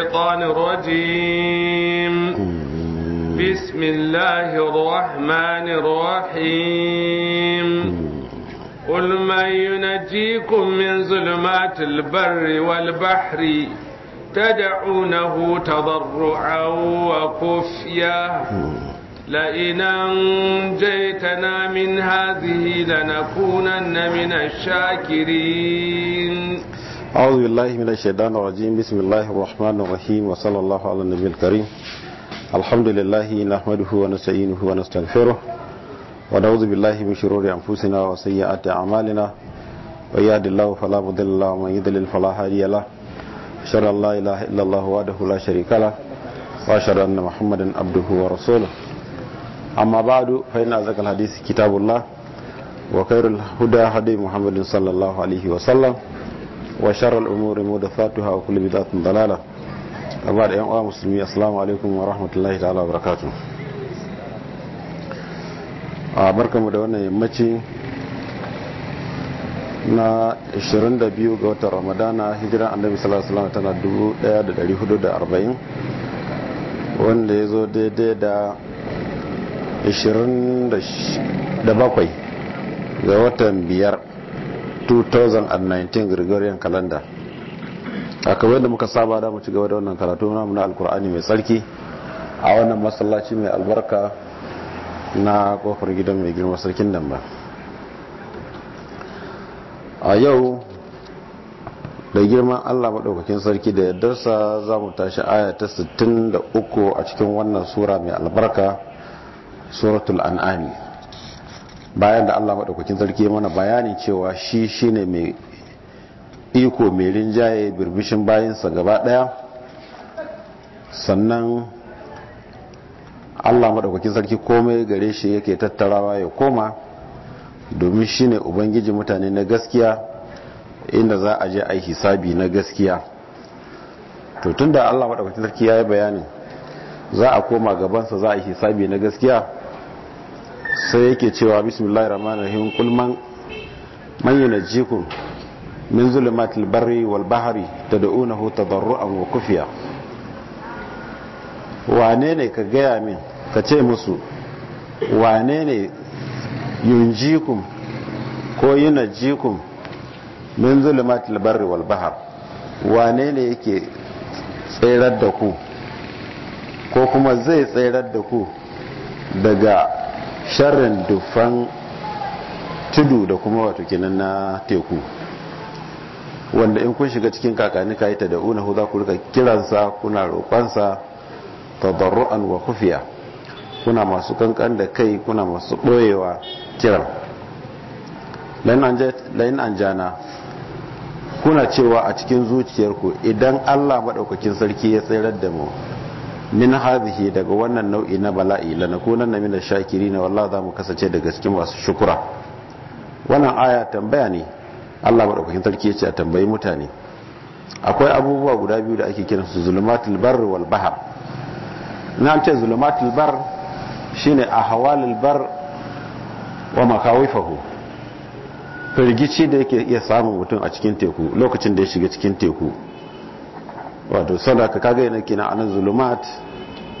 الشيطان الرجيم بسم الله الرحمن الرحيم قل من ينجيكم من ظلمات البر والبحر تدعونه تضرعا وخفيا لئن أنجيتنا من هذه لنكونن من الشاكرين أعوذ بالله من الشيطان الرجيم بسم الله الرحمن الرحيم وصلى الله على النبي الكريم الحمد لله نحمده ونستعينه ونستغفره ونعوذ بالله من شرور أنفسنا وسيئات أعمالنا من يهد الله فلا مضل له ومن يضلل فلا هادي له أشهد أن لا إله إلا الله وحده لا شريك له وأشهد أن محمدا عبده ورسوله أما بعد فإن أزكى الحديث كتاب الله وخير الهدى هدي محمد صلى الله عليه وسلم wa sharar umuri mu da fatuha wa za bidatun dalala amma da yan uwa musulmi assalamu alaikum wa rahmatullahi ta'ala wa barakatuh a barkamu da wannan yammaci na 22 ga watan ramadana hijira annabi sallallahu alaihi tana 1440 wanda ya zo daidai da 27 ga watan biyar 2019 Gregorian calendar a kawai da muka saba da ci gaba da wannan karatu namu na alkur'ani mai tsarki a wannan masallaci mai albarka na kofar gidan mai girma sarkin nan ba a yau da girman allah maɗaukakin sarki da yardarsa za mu tashi aya ta 63 a cikin wannan sura mai albarka suratul an'ami bayan da Allah madaukakin sarki mana bayanin cewa shi shine mai iko mai rinjaye birbishin bayansa gaba daya sannan Allah madaukakin sarki komai gare shi yake tattarawa ya koma domin shine ubangiji mutane na gaskiya inda za a je a yi hisabi na gaskiya to da Allah madaukakin sarki ya yi bayanin za a koma gabansa za a yi hisabi na gaskiya sai yake cewa bismillahir rahmanir rahim kul man man yunjikum min zulumatil barri wal bahri tad'unahu tadarruan wa kufiya wane ne ka gaya min ka ce musu wane ne yunjikum ko yunjikum min zulumatil barri wal bahr wane ne yake tserar da ku ko kuma zai tserar da ku daga sharrin dufan tudu da kuma wato kinan na teku wanda in kun shiga cikin kakanni ka yi ta da'una ku za ku rika kiransa kuna roƙonsa tadarru'an wa kufiya kuna masu kankan da kai kuna masu ɓoyewa kiran layin an jana kuna cewa a cikin zuciyarku idan allah maɗaukakin sarki ya tsirar da mu min hadhihi daga wannan nau'i na bala'i lanakunanna min ash-shakirin wallahi za mu kasance daga cikin masu shukura wannan aya tambaya ne Allah madaukakin sarki ya ce a tambayi mutane akwai abubuwa guda biyu da ake kiransu zulumatul barri wal bahr na ce zulumatul barr shine ahwalul barr wa makawifahu firgici da yake iya samun mutum a cikin teku lokacin da ya shiga cikin teku wato sadaka kaga yana kina anan zulumat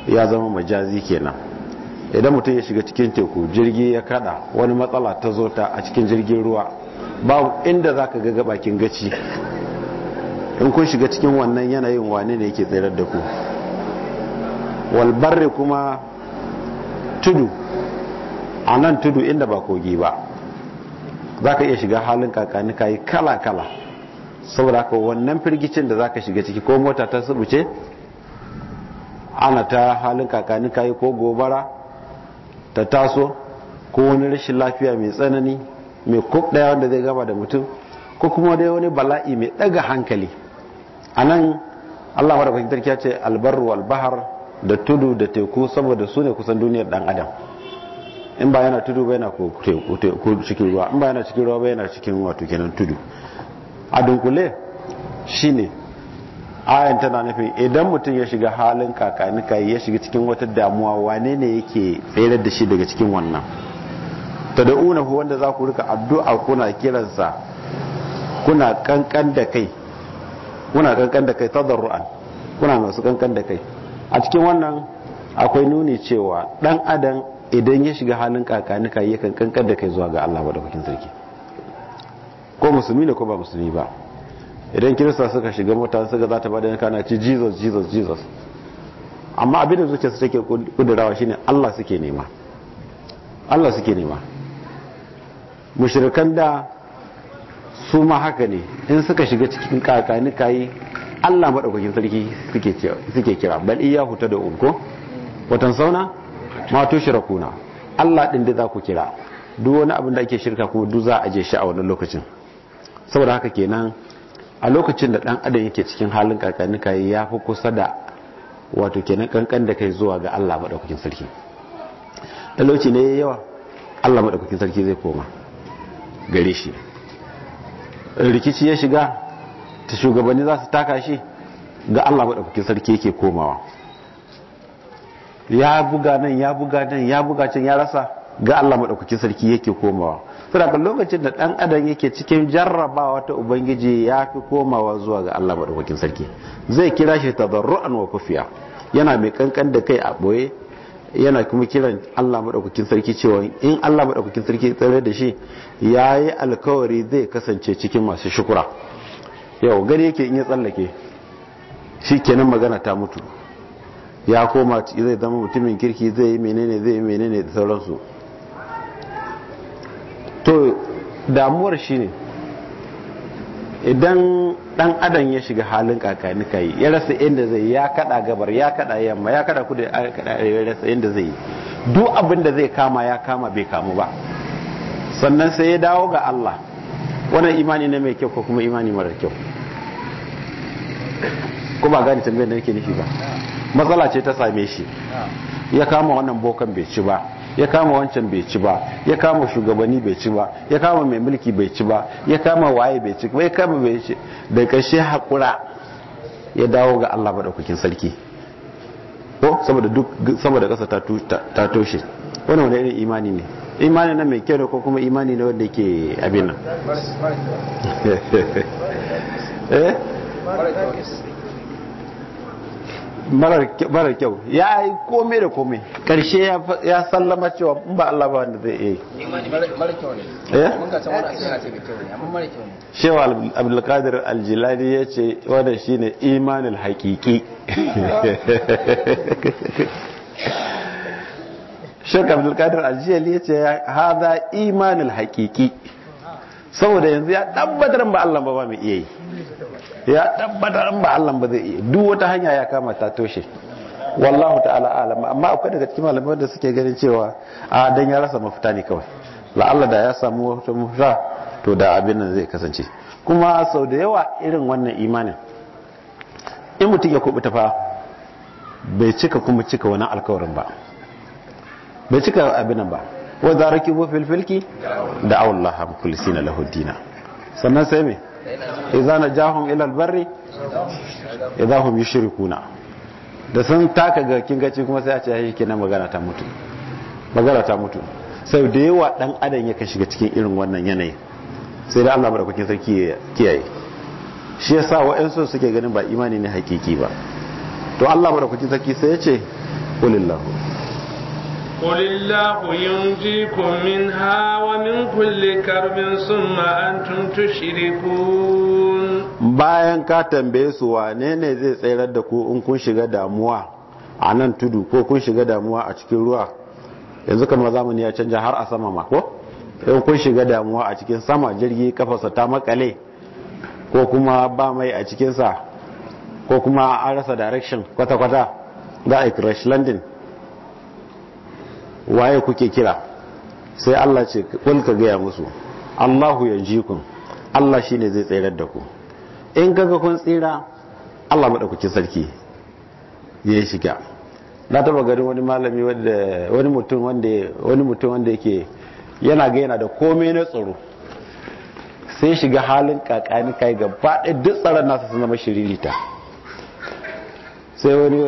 ya zama majazi kenan idan mutum ya shiga cikin teku jirgi ya kada wani matsala ta zo ta a cikin jirgin ruwa babu inda zaka ga gabakin gaci in kun shiga cikin wannan yanayin wane ne yake tsirar da ku walbarre kuma tudu a nan tudu inda ba kogi ba zaka iya shiga halin kakani yi kala-kala saboda ka wannan firgicin da zaka shiga ciki ko mota ta sabuce ana ta halin kakani kayi ko gobara ta taso ko wani rashin lafiya mai tsanani mai kuk daya wanda zai gaba da mutum ko kuma dai wani bala'i mai daga hankali a nan allah madafakin tarki ya ce albarru albahar da tudu da teku saboda su ne kusan duniyar dan adam in ba yana tudu ba yana cikin ruwa in ba yana cikin ruwa ba yana cikin wato kenan tudu a dunkule shine ayan tana nufin idan mutum ya shiga halin kakanika ya shiga cikin wata damuwa wane ne yake tsayar da shi daga cikin wannan una ku wanda za ku rika addu'a kuna kiransa kuna kankan da kai kuna kankan da kuna masu kankan da kai a cikin wannan akwai nuni cewa dan adam idan ya shiga halin kakanika yakan kankan da kai zuwa ga Allah madaukakin sarki ko musulmi ne ko ba musulmi ba idan kirista suka shiga mota suka za ta bada yanka na ci jesus jesus jesus amma abin da zuciya su take kudurawa shine allah suke nema allah suke nema da su ma haka ne in suka shiga cikin kakani kayi allah maɗaukakin sarki suke kira bal iya hutu da unko watan sauna ma kuna allah ɗin da za ku kira duk wani abin da ake shirka kuma duk za a je shi a wannan lokacin saboda haka kenan a lokacin da dan adam yake cikin halin kakanika ya fi kusa da wato kenan kankan da kai zuwa ga Allah madaukakin sarki da talauci ne yawa Allah madaukakin sarki zai koma gare shi rikici ya shiga ta shugabanni za su taka shi ga Allah madaukakin sarki yake komawa ya buga nan ya buga nan ya buga can ya rasa ga Allah madaukakin sarki yake komawa ga lokacin da dan adam yake cikin jarrabawa ta ubangiji ya fi komawa zuwa ga Allah madaukakin sarki zai kira shi tadarruan wa kufiya yana mai kankan da kai a boye yana kuma kiran Allah madaukakin sarki cewa in Allah madaukakin sarki tsare da shi yayi alkawari zai kasance cikin masu shukura yau gari yake in ya tsallake shikenan magana ta mutu ya koma zai zama mutumin kirki zai yi menene zai yi menene da sauransu damuwar shi ne idan dan adam ya shiga halin kakanika yi ya rasa inda zai ya kada gabar ya kada yamma ya kada kudu ya kada ya rasa inda zai yi duk abin da zai kama ya kama bai kamu ba sannan sai ya dawo ga Allah wannan imani ne mai kyau ko kuma imani mara kyau ko ba gani tambayar da nake nufi ba matsala ce ta same shi ya kama wannan bokan bai ci ba ya kama wancan bai ci ba ya kama shugabanni bai ci ba ya kama mai mulki bai ci ba ya kama waye bai ci ba ya kama bai ci da kashe hakura ya dawo ga Allah madaukakin sarki ko saboda duk saboda kasa ta toshe wannan wani irin imani ne imani na mai kyau ko kuma imani ne wanda yake abin nan eh? marar kyau ya yi kome da kome karshe ya sallama cewa in ba Allah ba wanda zai yi marar kyau ne eh mun ga san wani asiri ce da kyau ne amma marar kyau ne shehu abdulkadir aljilani ya ce shi ne imanin haqiqi shehu abdulkadir aljilani ya ce haza imanin hakiki saboda yanzu ya tabbatar ba Allah ba ba mai iya yi ya tabbatar an ba Allah ba zai iya duk wata hanya ya kama ta toshe wallahu ta'ala alama amma akwai daga cikin malamai da suke ganin cewa a dan ya rasa mafita ne kawai la Allah da ya samu wata mafita to da abin nan zai kasance kuma sau da yawa irin wannan imanin in mutum ya kubuta fa bai cika kuma cika wani alkawarin ba bai cika abin nan ba wa zaraki bu filfilki da Allah kulli na sannan sai me idza najahum ila albarri idza hum yushrikuna da sun taka ga kingaci kuma sai a ce shi kenan magana ta mutu magana ta mutu sau da yawa dan adam ya shiga cikin irin wannan yanayin sai da Allah barkokin sarki ya kiyaye shi yasa wa'ansu suke ganin ba imani ne hakiki ba to Allah barkokin sarki sai ya ce kulillahu قل الله ينجيكم منها ومن كل كرب ثم أنتم تشركون bayan ka tambaye su wane ne zai tsayar da ku in kun shiga damuwa a nan tudu ko kun shiga damuwa a cikin ruwa yanzu kamar zamani ya canja har a sama ma ko in kun shiga damuwa a cikin sama jirgi kafasa ta makale ko kuma ba mai a cikinsa ko kuma an rasa direction kwata-kwata za a yi crash landing waye kuke kira sai Allah ce kul ka gaya musu Allahu ku Allah shine zai tsayar da ku in kaga kun tsira Allah madaukakin sarki ya shiga na taba garin wani malami wani mutum wanda wani mutum wanda yake yana ga yana da komai na tsaro sai shiga halin kakani kai gaba duk tsaron nasa sun zama shiririta sai wani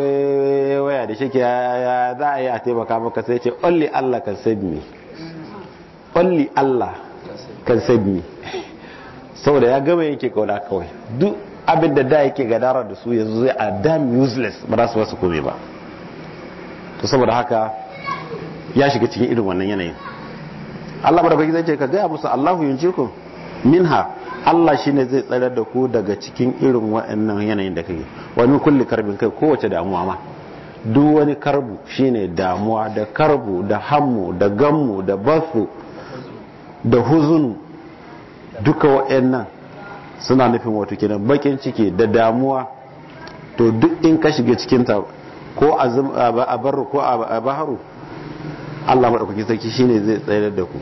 waya da shi ya za a yi a taimaka maka sai ce only Allah kan save me only Allah kan save me saboda ya gama yake kauna kawai duk abin da da yake gadara da su yanzu zai a damn useless ba za su wasu kome ba to saboda haka ya shiga cikin irin wannan yanayin Allah da kwaki zai ce ka gaya musu Allahu min ha!" Allah shi ne zai tsare da ku daga cikin irin waɗannan yanayin da kake wani kulli karbin kai kowace damuwa ma duk wani karbu shi ne damuwa da karbu da hammu da gammu da basu da huzunu duka waɗannan suna nufin wato kenan bakin ciki da damuwa to duk in ka shiga cikin ta ko a barru ko a baharu Allah maɗaukaki sarki shine zai tsayar da ku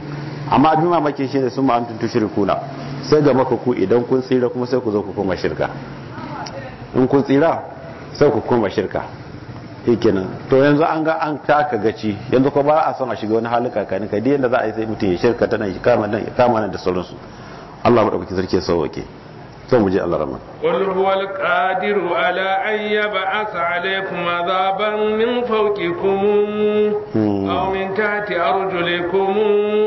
amma abin mamakin shine sun ma'antun tushirikuna sai ga ku idan kun tsira kuma sai ku zo ku koma shirka in kun tsira sai ku koma shirka kenan to yanzu an ga an taka gaci yanzu ko ba a son a shiga wani halin kakani ka da za a yi sai mutum ya shirka tana kama nan da sauransu Allah maɗaukaki sarki sauwake to mu Allah rahman qul huwal qadiru ala an yab'ath alaykum adhaban min fawqikum hmm. aw min tahti arjulikum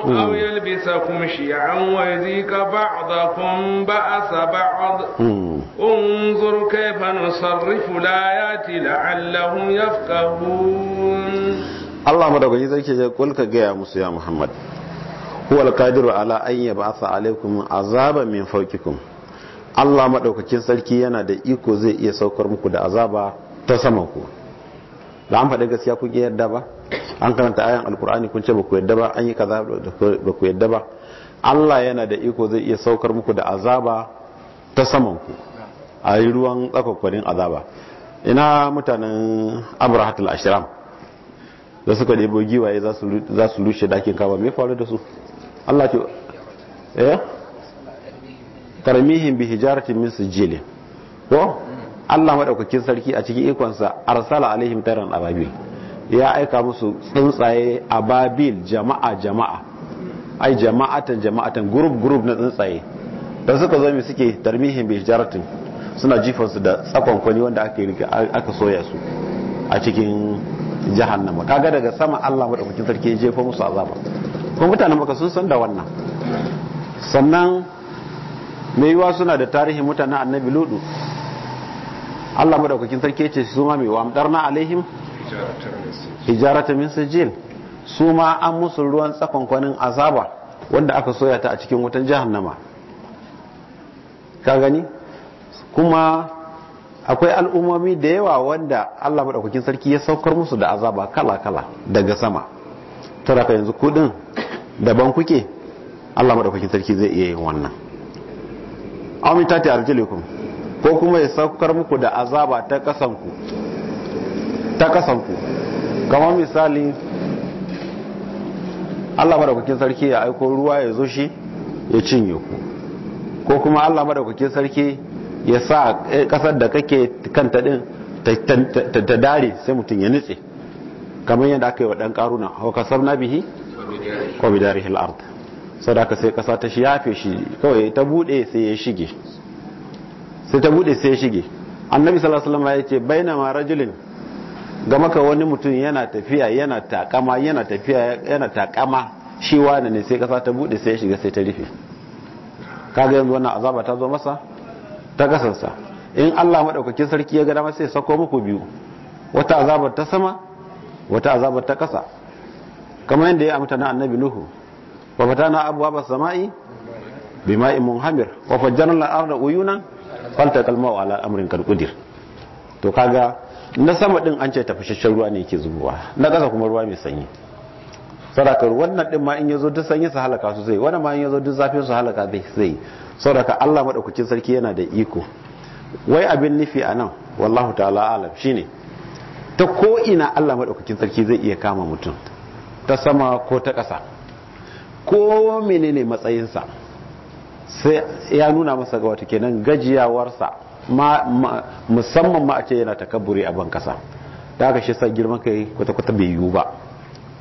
aw hmm. yalbisakum shi'an wa yadhika ba'dakum ba'sa ba'd hmm. unzur kayfa nusarrifu ayati la'allahum yafqahun Allah madaukakin ce ya kulka gaya musu ya Muhammad huwal qadiru ala an yab'atha alaykum azaban min fawqikum Allah maɗaukakin sarki yana da iko zai iya saukar muku da azaba ta saman ku da an faɗi gaskiya kun yarda ba an karanta ayan alkur'ani kun ce ba ku yarda ba an yi kaza ba ku yarda ba Allah yana da iko zai iya saukar muku da azaba ta saman ku a yi ruwan tsakakwarin azaba ina mutanen abrahatul ashiram da suka ɗebo giwaye za su rushe dakin kama. me faru da su Allah ce eh Tarmihin bi hijaratin min sijili ko Allah madaukakin sarki a cikin ikonsa arsala alaihim tayran ababil ya aika musu tsuntsaye ababil jama'a jama'a ai jama'atan jama'atan group group na tsuntsaye da suka zo mi suke tarmihin bi hijaratin suna jifan su da tsakon kwani wanda aka soya su a cikin jahannama kaga daga sama Allah madaukakin sarki ya jefa musu azaba kuma mutanen maka sun san da wannan sannan mai yiwa suna da tarihin mutanen annabi ludu Allah madaukakin sarki ce su ma mai wa amdarna alaihim hijarata min sijil su ma an musu ruwan tsakonkwanin azaba wanda aka soya ta a cikin wutan jahannama ka gani kuma akwai al'ummomi da yawa wanda Allah madaukakin sarki ya saukar musu da azaba kala kala daga sama tara ka yanzu kudin daban kuke Allah madaukakin sarki zai iya yin wannan amin ta tiyar arjulikum ko kuma ya saukar muku da azaba ta kasanku kama kamar misali Allah madaukakin sarki ya aiko ruwa ya zo shi ya cinye ku ko kuma Allah madaukakin sarki ya sa eh, kasar da kake kanta taɗin ta dare sai mutum ya nutse kamar yadda aka yi wa ɗan karuna na kasar nabihi wa bidarihi hil'arta sadaka sai kasa ta shafe shi kawai ta bude sai ya shige sai ta bude sai ya shige annabi sallallahu alaihi wasallam ya ce ma rajulin ga maka wani mutum yana tafiya yana takama yana tafiya yana takama shi wani ne sai kasa ta bude sai ya shiga sai ta rufe kaga yanzu wannan azaba ta zo masa ta kasansa in Allah madaukakin sarki ya ga dama sai sako muku biyu wata azabar ta sama wata azabar ta kasa kamar yadda ya amta na annabi nuhu wa fatana ba samai bima'in munhamir wa fajjarna al-arda uyunan faltaqal wa ala amrin to kaga na sama din an ce tafashashen ruwa ne yake zubuwa na ƙasa kuma ruwa mai sanyi sadaka wannan din ma in yazo duk sanyi su halaka su zai wannan ma in yazo duk zafi su halaka zai zai saboda Allah madaukakin sarki yana da iko wai abin nufi anan wallahu ta'ala alam shine ta ko ina Allah madaukakin sarki zai iya kama mutum ta sama ko ta ƙasa ko menene matsayinsa sai ya nuna masa ga wata kenan gajiyawarsa musamman ma a ce yana takaburi a ban kasa da aka shi sa girman kai kwata-kwata bai yiwu ba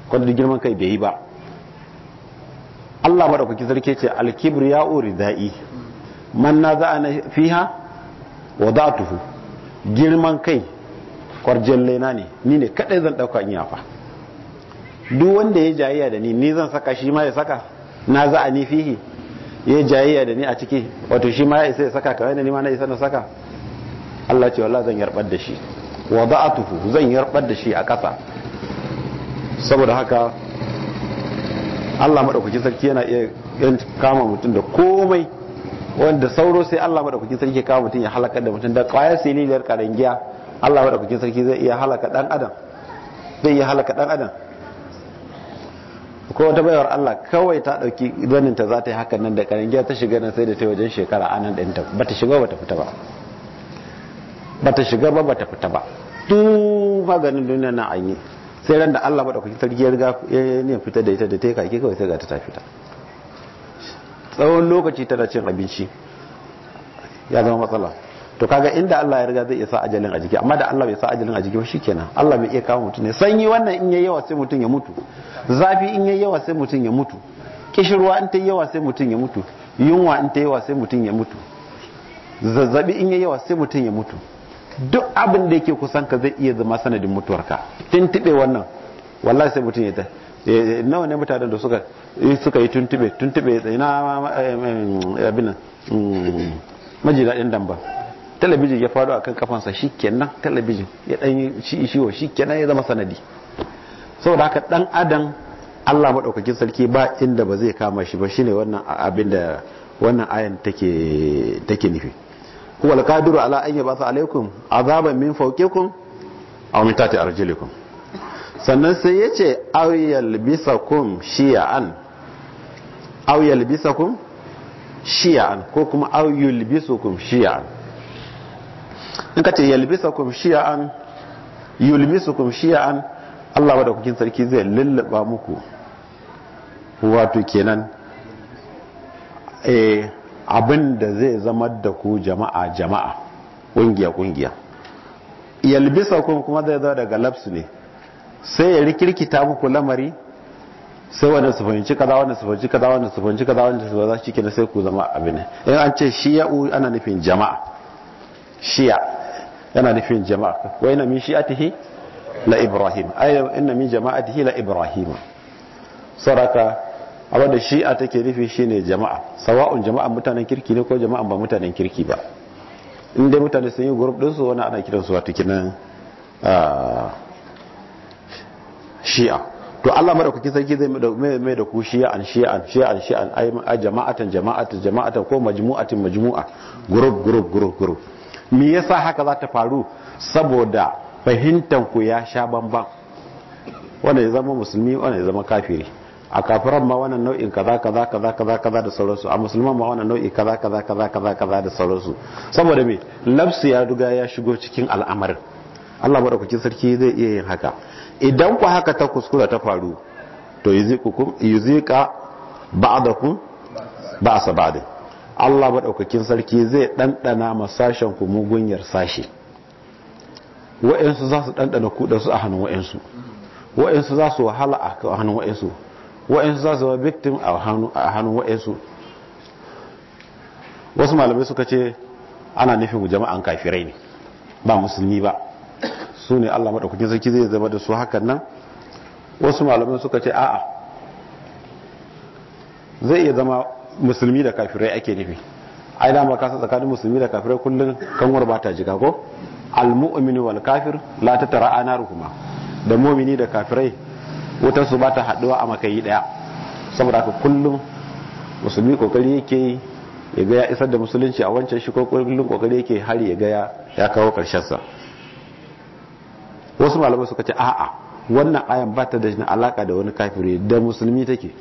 kwata girman kai bai yi ba Allah madaukaki sarki ce alkibir ya uri da'i man za a na fiha wa za tuhu girman kai kwarjen lena ne ni ne kadai zan dauka in yafa duk wanda ya jayayya da ni ni zan saka shi ma ya saka na za a ni fihi ya jayayya da ni a ciki wato shi ma ya isa ya saka kawai da ni ma na isa na saka Allah ce wallahi zan yarbar da shi wa wada'atuhu zan yarbar da shi a ƙasa saboda haka Allah madaukakin sarki yana iya kama mutum da komai wanda sauro sai Allah madaukakin sarki ya kama mutum ya halaka da mutum da kwaya sililiyar karangiya Allah madaukakin sarki zai iya halaka dan adam zai iya halaka dan adam ko wata bayar Allah kawai ta dauki zanin ta za ta yi hakan nan da karangiya ta shiga nan sai da ta wajen shekara anan ba ta shiga shiga ta fita ba ta shiga ba ta fita ba duk maganin duniya na an yi sai ran da Allah madaukakin sarki ya riga ya fita da ita da ta kake kawai sai ga ta fita tsawon lokaci tana cin abinci ya zama matsala to kaga inda Allah ya riga zai iya sa ajalin a jiki amma da Allah bai sa ajalin a jiki ba shikenan Allah bai iya kawo mutum ne sanyi wannan in yayi yawa sai mutum ya mutu zafi in yayi yawa sai mutum ya mutu kishirwa in ta yi yawa sai mutum ya mutu yunwa in ta yi yawa sai mutum ya mutu zazzabi in yayi yawa sai mutum ya mutu duk abin da yake kusan ka zai iya zama sanadin mutuwarka tuntube wannan wallahi sai mutum ya ta nawa ne mutanen da suka suka yi tuntube tuntube ina eh, eh, abin nan mm, maji daɗin damba talabijin ya faru kan kafansa kenan talabijin ya yi shi shi kenan ya zama sanadi saboda haka ɗan adam Allah maɗaukakin sarki ba inda ba zai kama shi ba shine wannan abin da wannan ayan take nufi huwa alqadiru ala an yabasa a azaban min fawqikum aw min tati kun. sannan sai yace aw yalbisakum shi'an kun ko kuma kun yulbisukum in ka ce yalbisakum shi'an yulmisukum shi'an Allah wa da kukin sarki zai lullaba muku wato kenan eh abin da zai zama da ku jama'a jama'a ƙungiya kungiya yalbisakum kuma zai zama daga labsu ne sai ya rikirkita muku lamari sai wanda su fahimci kaza wanda su fahimci kaza wanda su fahimci kaza wanda su fahimci kaza sai ku zama abin in an ce shiya'u ana nufin jama'a shiya yana nufin jama'a wa ina min shi'atihi la ibrahim ayo inna min jama'atihi la ibrahim saraka abin da shi'a take nufi shine jama'a sawa'un jama'an mutanen kirki ne ko jama'an ba mutanen kirki ba in dai mutane sun yi group din su wani ana kiran su wato kinan shi'a to Allah madaukakin sarki zai mai da ku shi'an shi'an shi'an shi'an ay jama'atan jama'atan jama'atan ko majmu'atin majmu'a group group group group me yasa haka za ta faru saboda fahimtar ku ya sha bamban wanda ya zama musulmi wanda ya zama kafiri a kafiran ma wannan nau'in kaza kaza kaza kaza kaza da sauransu a musulman ma wannan nau'i kaza kaza kaza kaza kaza da sauransu saboda me lafsu ya duga ya shigo cikin al'amarin Allah madaukakin sarki zai iya yin haka idan ku haka ta kuskura ta faru to yuzika yuziqa ba'dakum ba'sa ba'din Allah maɗaukakin sarki zai ɗanɗana ma sashen ku mugunyar sashi wa'insu za su ɗanɗana su a hannun wa'insu wa'insu za su wahala a hannun wa'insu wa'insu za su zama victim a hannun wa'insu wasu malamai suka ce ana nufin jama'an kafirai ne ba musulmi ba su ne Allah maɗaukakin sarki zai zama da su hakan nan wasu malamai suka ce a'a zai iya zama musulmi da kafirai ake nufi ai dama kasa tsakanin musulmi da kafirai kullum kanwar ba ta jiga ko almu'minu wal kafir la tatara anaruhuma da mu'mini da kafirai wutar su ba ta haduwa a makayi daya saboda haka kullum musulmi kokari yake ya ga ya isar da musulunci a wancan shi ko kokari yake hari ya ga ya kawo karshen sa wasu malamai suka ce a'a wannan ayan ba ta da alaka da wani kafiri da musulmi take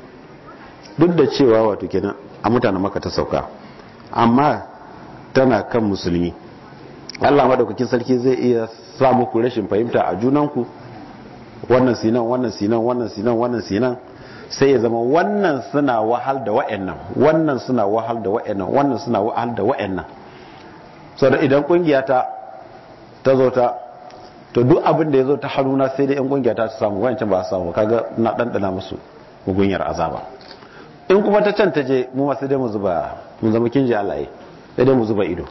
duk da cewa wato kenan a mutanen maka ta sauka amma tana kan musulmi Allah madaukakin sarki zai iya sa muku rashin fahimta a junanku wannan sinan wannan sinan wannan sinan wannan sinan sai ya zama wannan suna wahal da wa'annan wannan suna wahal da wa'annan wannan suna wahal da wa'annan saboda idan kungiya ta ta zo ta to duk abin da ya zo ta haruna sai da yan kungiya ta samu wancan ba a samu kaga na dandana musu mugunyar azaba in kuma ta can ta je mu masu dai mu zuba mu zama kin ji alaye sai dai mu zuba ido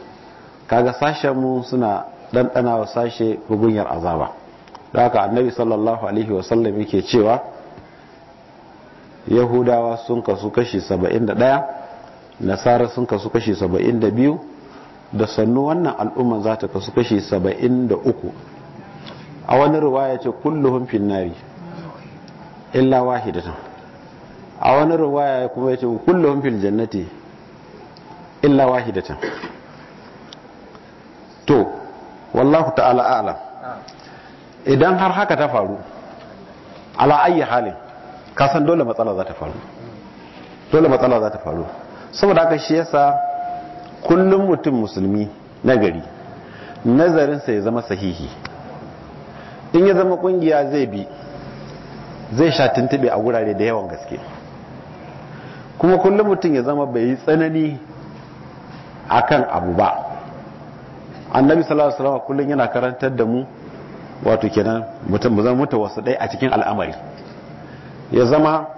kaga sashen mu suna dandana wa sashe bugunyar azaba don haka annabi sallallahu alaihi wasallam yake cewa yahudawa sun kasu kashi 71 nasara sun kasu kashi 72 da sannu wannan al'umma za ta kasu kashi 73 a wani ya ce kulluhum finnari illa wahidatan a wani ruwaya kuma ya ce kullum fil jannati illa wahidatan to wallahu ta'ala a'lam idan har haka ta faru ala ayi halin ka san dole matsala za ta faru dole matsala za ta faru saboda haka shi yasa kullum mutum musulmi nagari nazarinsa ya zama sahihi in ya zama kungiya zai bi zai sha tuntube a wurare da yawan gaske kuma kullum mutum ya zama bai yi tsanani akan abu ba annabi sallallahu alaihi wasallam kullum yana karantar da mu wato kenan mutum zama mutu wasu dai a cikin al'amari ya zama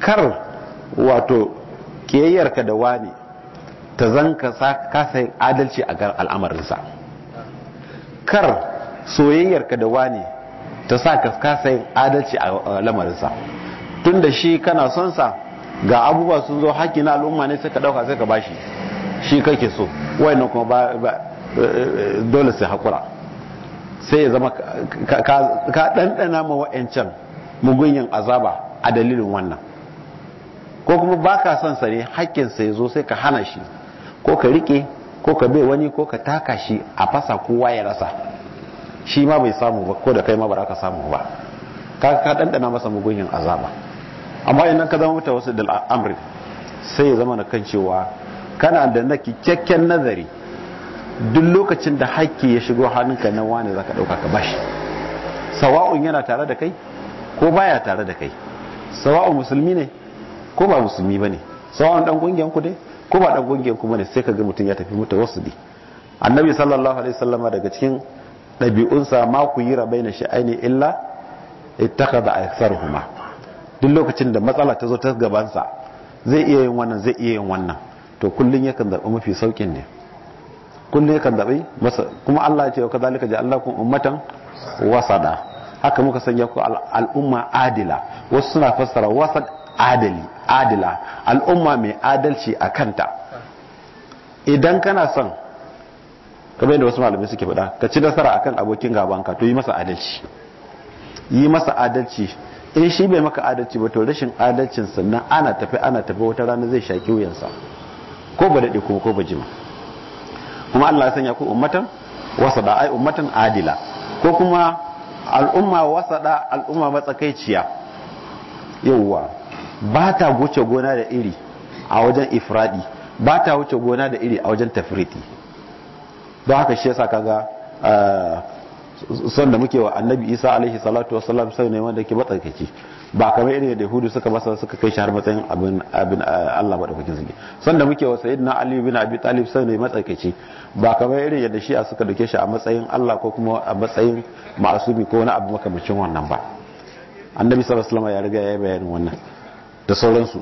kar wato kiyayyarka da wani ta zanka kasa yin adalci a gar al'amarinsa kar soyayyarka da wani ta sa ka kasa yin adalci a lamarinsa tun da shi kana son sa ga abubuwa sun zo haƙƙi na al'umma ne sai ka ɗauka sai ka bashi shi kake so na kuma ba eh, dole sai haƙura sai ya zama ka ɗanɗana ma wa'ancan mugunyin azaba a dalilin wannan ko kuma ba ka son sa ne haƙƙinsa ya zo sai ka hana shi ko ka riƙe ko ka bai wani ko ka taka shi a fasa kowa ya rasa shi ma bai samu ba ko da kai ma ba ka samu ba ka ɗanɗana masa mugunyin azaba amma idan ka zama mata wasu dal amri sai ya zama na kan cewa kana da na kyakkyakken nazari duk lokacin da haƙƙi ya shigo hannunka na wani zaka ɗauka ka bashi sawa'un yana tare da kai ko baya tare da kai sawa'un musulmi ne ko ba musulmi bane sawa'un dan ƙungiyar ku ne ko ba dan ƙungiyar ku bane sai kaga mutum ya tafi mutu wasu annabi sallallahu alaihi wasallama daga cikin ɗabi'unsa ma ku yi rabai na sha'ani illa ittaka da aksarhuma duk lokacin da matsala ta zo ta gabansa zai iya yin wannan zai iya yin wannan to kullun yakan zaɓi mafi saukin ne kullun yakan zaɓi masa kuma Allah ya ce ka zalika ja Allah kun ummatan wasada haka muka sanya ku al'umma adila wasu suna fassara wasad adali adila al'umma mai adalci a kanta idan kana son kamar yadda wasu malamai suke faɗa ka ci nasara akan abokin gabanka to yi masa adalci yi masa adalci in eh, shi bai maka adalci ba to rashin adalcin sannan ana tafi ana tafi wata rana zai shaki wuyansa ko ba daɗe kuma ko ba jima kuma Allah ya sanya ku ummatan wasada ai ummatan adila ko kuma al'umma wasada al'umma matsakaiciya yawwa ba ta wuce gona da iri a wajen ifradi ba ta wuce gona da iri a wajen tafriti don haka shi yasa kaga ah, san da muke wa annabi isa alaihi salatu wasallam sai ne wanda yake matsakaici ba kamar irin da yahudu suka masa suka kai shi har matsayin abin abin Allah madaukakin sarki san da muke wa sayyidina ali bin abi talib sai ne matsakaici ba kamar irin yadda shi'a suka dauke shi a matsayin Allah ko kuma a matsayin ma'asumi ko wani abu makamancin wannan ba annabi sallallahu alaihi wasallam ya riga ya bayanin wannan da sauransu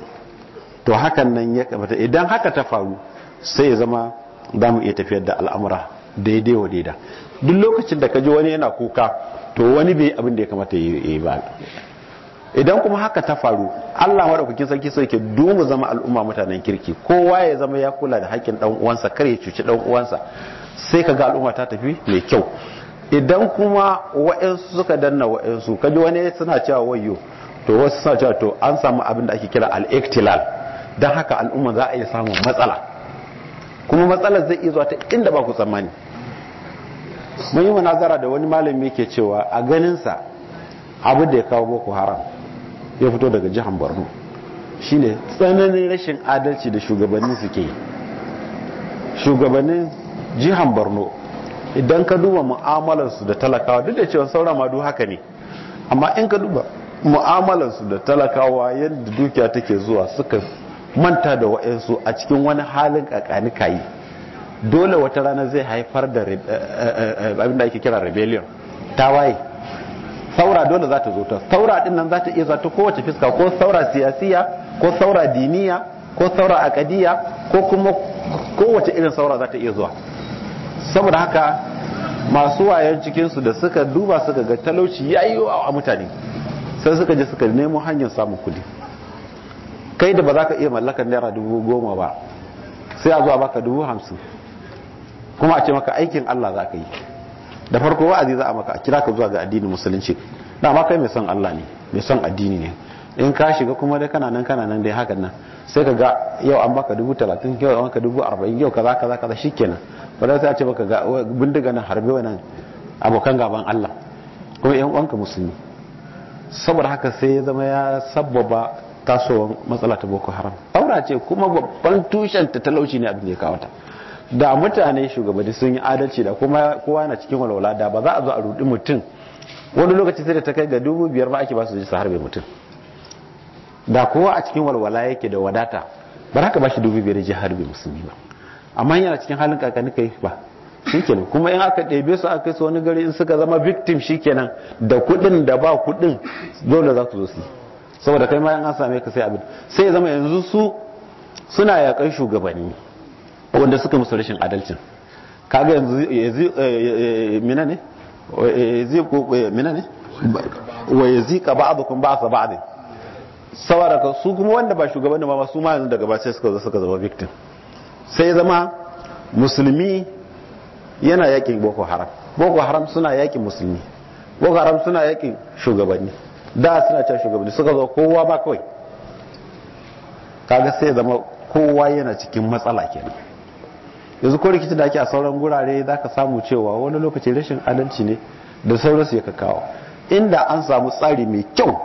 to hakan nan ya kamata idan haka ta faru sai ya zama za mu iya tafiyar da al'amura daidai wa daidai. duk lokacin da ka ji wani yana kuka to wani bai abin da ya kamata ya yi ba idan kuma haka ta faru Allah madaukakin sarki sai ke duma zama al'umma mutanen kirki kowa ya zama ya kula da hakkin dan uwansa kar ya cuci dan uwansa sai ka ga al'umma ta tafi mai kyau idan kuma wa'ansu suka danna wa'ansu kaji wani suna cewa wayo to wasu suna cewa to an samu abin da ake kira al-iktilal dan haka al'umma za a iya samun matsala kuma matsalar zai iya zuwa ta inda ba ku tsammani mun yi munazara da wani malami yake cewa a ganinsa abin da ya kawo boko haram ya fito daga jihan borno shine tsananin rashin adalci da shugabannin suke yi shugabannin jihar borno idan ka duba mu'amalarsu da talakawa duk da cewa saura madu haka ne amma in ka duba mu'amalarsu da talakawa yadda dukiya take zuwa suka manta da wa'yansu a cikin wani halin kakani kayi dole wata rana zai haifar da eh, eh, eh, abin da ake kira rebellion waye saura dole za ta zo ta saura din nan za ta iya zato kowace fiska ko saura siyasiya ko saura diniya ko saura akadiya ko kuma kowace irin saura za ta iya zuwa saboda haka masu wayan cikinsu da suka duba suka ga talauci ya yi a mutane sai suka je suka nemo hanyar samun kudi kai da ba za ka iya mallakar naira dubu goma ba sai a zuwa baka dubu hamsin kuma a ce maka aikin Allah za ka yi da farko wa'azi za a maka a kira ka zuwa ga addinin musulunci ma kai mai son Allah ne mai son addini ne in ka shiga kuma dai kana nan kana nan dai hakan nan sai ka ga yau an baka dubu talatin yau an baka dubu arba'in yau kaza kaza kaza shikenan ba za a ce baka ga bindiga nan harbe wannan abokan gaban Allah kuma yan uwanka musulmi saboda haka sai ya zama ya sabbaba tasowar matsala ta boko haram aura ce kuma babban tushen ta talauci ne abin da ya kawata. da mutane shugabanni sun yi adalci da kuma kowa na cikin walwala da ba za a zo a rudi mutum wani lokaci sai da ta kai ga dubu biyar ba ake ba su su harbe mutum da kowa a cikin walwala yake da wadata ba za ka ba shi dubu biyar ji harbe musulmi ba amma yana cikin halin kakanni kai ba shikenan kuma in aka ɗebe su aka su wani gari in suka zama victim shikenan da kuɗin da ba kuɗin dole za su zo su saboda kai ma an same ka sai abin sai zama yanzu su suna yakan shugabanni wanda suka musu rashin adalcin kaga yanzu mina ne mina ne wa ba a ba'sa ne saboda ka su kuma wanda ba shugabanni ba su ma yanzu daga ba sai suka suka zama victim sai zama musulmi yana yakin boko haram boko haram suna yakin musulmi boko haram suna yakin shugabanni da suna can shugabanni suka zo kowa ba kawai kaga sai zama kowa yana cikin matsala kenan yanzu ko rikicin da ake a sauran gurare za ka samu cewa wani lokaci rashin adalci ne da sauransu ya kakawo inda an samu tsari mai kyau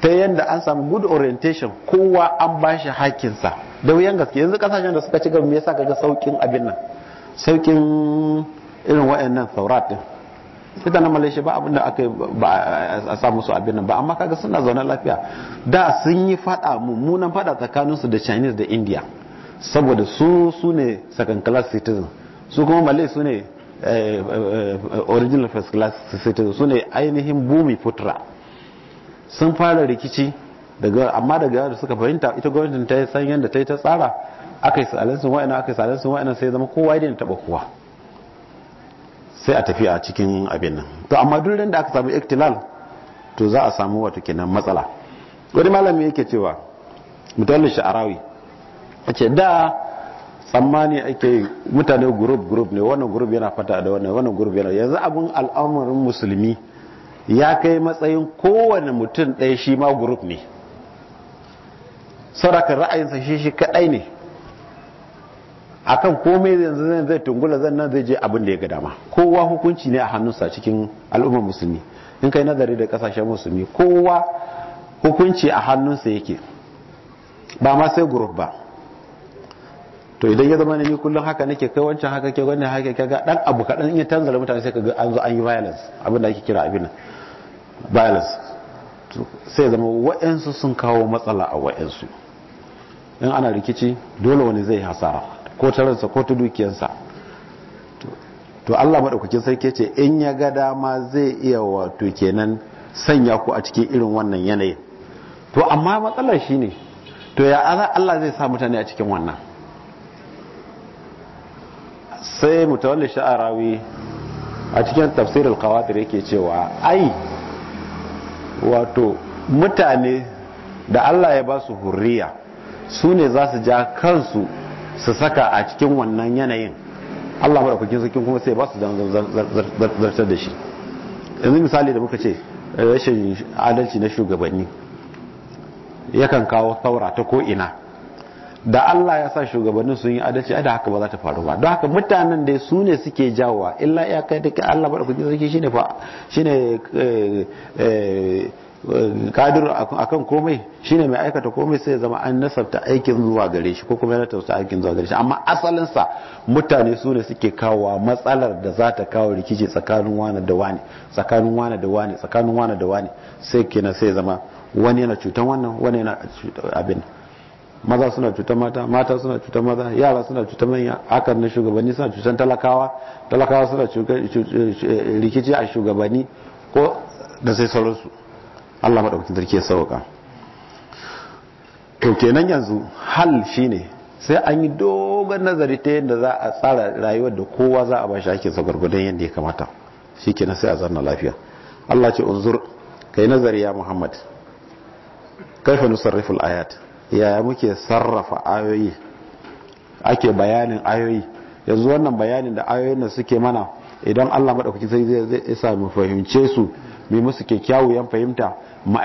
ta yadda an samu good orientation kowa an ba shi hakinsa da wuyan gaske yanzu kasashen da suka ci gaba me yasa kaga saukin abin nan saukin irin wayannan saurat din ita na malaysia ba abin da aka a samu su abin nan ba amma kaga suna zaune lafiya da sun yi fada mummunan fada tsakaninsu da chinese da india saboda su su ne second class citizen su kuma malai su ne eh, eh, eh, original first class citizen su ne ainihin bumi putra sun fara rikici daga amma daga yadda suka fahimta ita gwamnatin ta yi san yadda ta yi ta tsara aka yi salansu wa'ina aka yi salansu wa'ina sai zama kowa ya taba kowa sai a tafi a cikin abin nan to amma duk da aka samu iktilal to za a samu wato kenan matsala wani malami yake cewa mutallin sha'arawi ce da tsammani ake mutane group group ne wannan group yana fata da wannan wannan group yana yanzu abin al'amarin musulmi ya kai matsayin kowane mutum ɗaya shi ma group ne sauraka ra'ayinsa shi shi kaɗai ne akan komai yanzu zan zai tungula zan nan zai je abin da ya ga dama kowa hukunci ne a hannunsa cikin al'ummar musulmi in kai nazari da kasashen musulmi kowa hukunci a hannunsa yake ba ma sai group ba to idan ya zama ni kullum haka nake kai wancan haka ke wannan haka ke ga dan abu kadan in ya tanzara mutane sai ga an zo an yi violence abin da ake kira abin nan violence sai zama wa'ansu sun kawo matsala a wa'ansu in ana rikici dole wani zai hasara ko taransa ko ta dukiyarsa to Allah madaukakin sarki ce in ya ga dama zai iya wato kenan sanya ku a cikin irin wannan yanayin to amma matsalar shine to ya Allah zai sa mutane a cikin wannan sai mutawalli sha'arawi a cikin tafsirin kawatir yake cewa ai wato mutane da allah ya ba su hurriya su ne za su ja kansu su saka a cikin wannan yanayin allah kukin sarkin kuma sai ba su zartar da shi yanzu misali da muka ce rashin adalci na shugabanni yakan kawo saura ta ko'ina da Allah ya sa shugabannin sun yi adalci ai da haka ba za ta faru ba don haka mutanen da su ne suke jawowa illa ya kai duka Allah ba da kudin sarki shine fa shine kadir eh, eh, akan komai shine mai aikata komai sai zama an nasabta aikin zuwa gare shi ko kuma ya tausa aikin zuwa gare shi amma asalin sa mutane su ne suke kawo matsalar da za ta kawo rikici tsakanin wani da wani tsakanin wani da wani tsakanin wani da wani sai kenan sai zama wani yana cutan wannan wani yana abin maza suna cutar mata mata suna cutar maza yara suna cutar manya akan na shugabanni suna cutar talakawa talakawa suna eh, eh, eh, rikici a shugabanni ko da sai sauransu Allah madaukakin sarki ya sauka to kenan yanzu hal shi ne, sai an yi dogon nazari ta yadda za a tsara rayuwar da kowa za a bashi ake sa gwargwadon yadda ya kamata shi shikenan sai a zanna lafiya Allah ce unzur kai nazari ya Muhammad kaifa nusarrifu al-ayat yaya muke sarrafa ayoyi ake bayanin ayoyi yanzu wannan bayanin da ayoyin da suke mana idan Allah madaukaki sai zai isa mu fahimce su mu musu kyakkyawu yan fahimta mu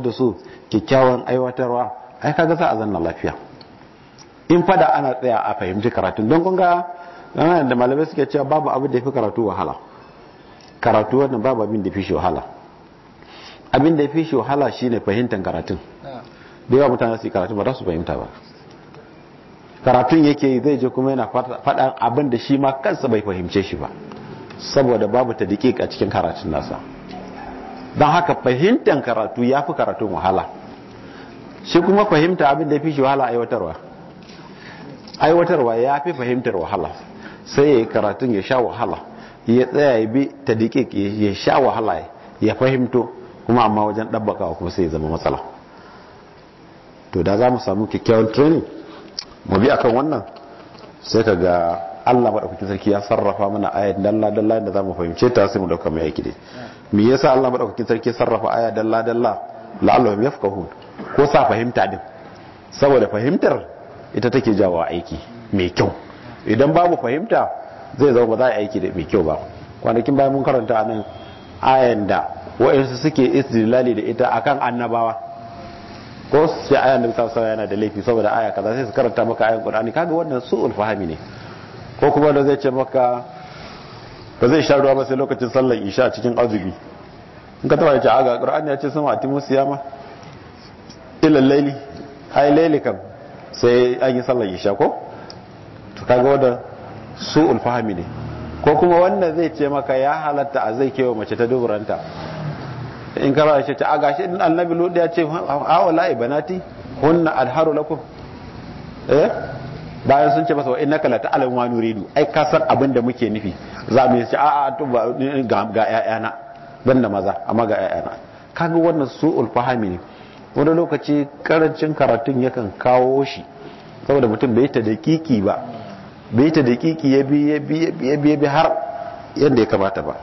da su kyakkyawan aiwatarwa ai kaga sa a zanna lafiya in fada ana tsaya a fahimci karatu don kun ga nan da malamai suke cewa babu abin da fi karatu wahala karatu wannan babu abin da fi shi wahala abin da fi shi wahala shine fahimtar karatun da yawa mutane su yi karatu ba za su fahimta ba karatun yake zai je kuma yana faɗa abin da shi ma kansa bai fahimce shi ba saboda babu ta a cikin karatun nasa don haka fahimtar karatu ya fi karatun wahala shi kuma fahimta abin da ya fi shi wahala aiwatarwa aiwatarwa ya fi fahimtar wahala sai ya yi karatun ya sha wahala ya tsaya ya bi ta ya sha wahala ya fahimto kuma amma wajen ɗabbakawa kuma sai ya zama matsala to da za mu samu kyakkyawan training mu bi akan wannan sai ka ga Allah madaukakin sarki ya sarrafa mana ayat dalla dalla da mu fahimce ta sai mu dauka mai aiki dai me yasa Allah madaukakin sarki sarrafa ayat dalla dalla la'allahum yafqahun ko sa fahimta din saboda fahimtar ita take jawo aiki mai kyau idan babu fahimta zai zama ba za a aiki da mai kyau ba kwanakin bayan mun karanta anan ayan da wa'ansu suke istidlali da ita akan annabawa ko sai aya annabi sallallahu alaihi yana da laifi saboda aya kaza sai su karanta maka ayan qur'ani kaga wannan su'ul fahimi ne ko kuma da zai ce maka ba zai sha ruwa ba sai lokacin sallar isha cikin azumi in ka taba ce aga qur'ani ya ce sama atimu siyama ila laili ai laili kam sai an yi sallar isha ko to kaga wannan su'ul fahimi ne ko kuma wannan zai ce maka ya halatta a zai kewa mace ta duburanta in kara ce ta a gashi din annabi lut ya ce wallahi banati hunna adharu lakum eh bayan sun ce masa wa innaka la ta'lamu ma nuridu ai ka san abin da muke nufi za mu ce a a to ga ga ƴaƴana banda maza amma ga ƴaƴana kaga wannan su'ul fahimi ne wani lokaci karancin karatun yakan kawo shi saboda mutum bai ta dakiki ba bai ta dakiki ya bi ya bi ya bi har yanda ya kamata ba